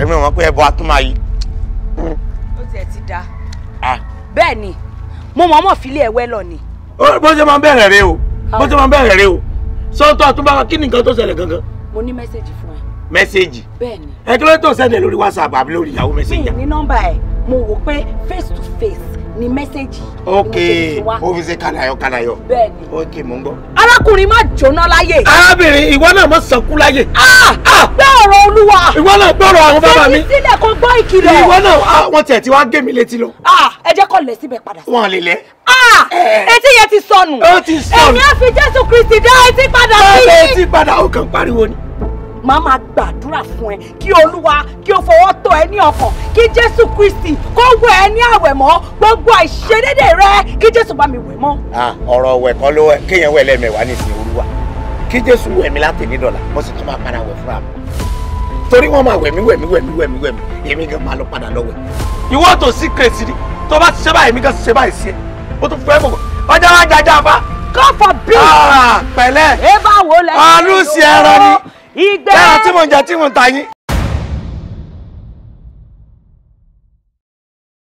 èmi ò mọ̀ pé ẹbọ atúmọ̀ yìí. ó tiẹ̀ ti da. bẹ́ẹ̀ ni mo mọ̀ ọmọ fìlẹ̀ ẹ̀wẹ́ lọ ni. bó ṣe máa bẹ̀rẹ̀ rẹ o bó ṣe máa bẹ̀rẹ̀ rẹ o sọ́ńtọ́ àtúbà kí ni nǹkan tó ṣẹlẹ̀ gangan. mo ní mẹ́sẹ̀gì fún ẹ. mẹ́sẹ̀gì. bẹ́ẹ̀ ni. ẹ kí ló tó sẹ́ndẹ̀ lórí whatsapp àbí lórí ìyàwó mẹ́sẹ̀gì. mi ní nọ́mbà ẹ mo wò pé face to face ni mẹ́sẹ̀gì. ok o fi ṣe kànáyọ kànáyọ. bẹ́ẹ̀ni ok mò ń gbọ́. arákùnrin má jóná láyé. arábìnrin ìwọ náà má sọkún láyé. Ah, ah, gbé ọ̀rọ̀ olúwa. ìwọ náà gbé ọ̀rọ̀ àwọn bàbá mi. fẹ́mi sílẹ̀ kó gbọ́ ìkìlọ̀. ìwọ náà ah, wọ́n tiẹ̀ ti wá gé mi létí lọ. ẹ jẹ́ kó lẹ̀ síbẹ̀ padà. wọ́n lè lẹ̀. Eh. etí yẹn ti sọnù. ó ti sọnù. èmi á fi jésù kristi dá etí padà sí. dá etí padà ó kàn pariwo ni màá máa gbàdúrà fún ẹ kí olúwa kí o fọwọ́ tó ẹ ní ọkàn kí jésù kristi kó wẹ ẹ ní àwẹ̀ mọ́ gbogbo àìṣedédé rẹ kí jésù bá mi wẹ̀ mọ́. ọ̀rọ̀ wẹ̀ kọ́ ló kéèyàn wẹ̀ lẹ́mẹ̀wá nísìnyí olúwa kí jésù wẹ̀ mí láti ní dọ̀là mo sì tún máa padà wẹ̀ fúnra mi torí wọ́n máa wẹ̀mí wẹ̀mí wẹ̀mí wẹ̀mí wẹ̀mí èmi gan máa lọ padà lọ wẹ̀. ìwọ tó sí kèsì ni tó bá ti ṣe báyìí èmi gan ti ṣe báyìí sí ẹ o tún fẹ́ mọ̀ ọjà wa jaja fa. kọ́fà bíi. pẹ̀lẹ́. ẹ bá wo lẹ́yìn. ọlùsì ẹran ni ìgbẹ́. dára tí mò ń jẹ tí mò ń ta yín.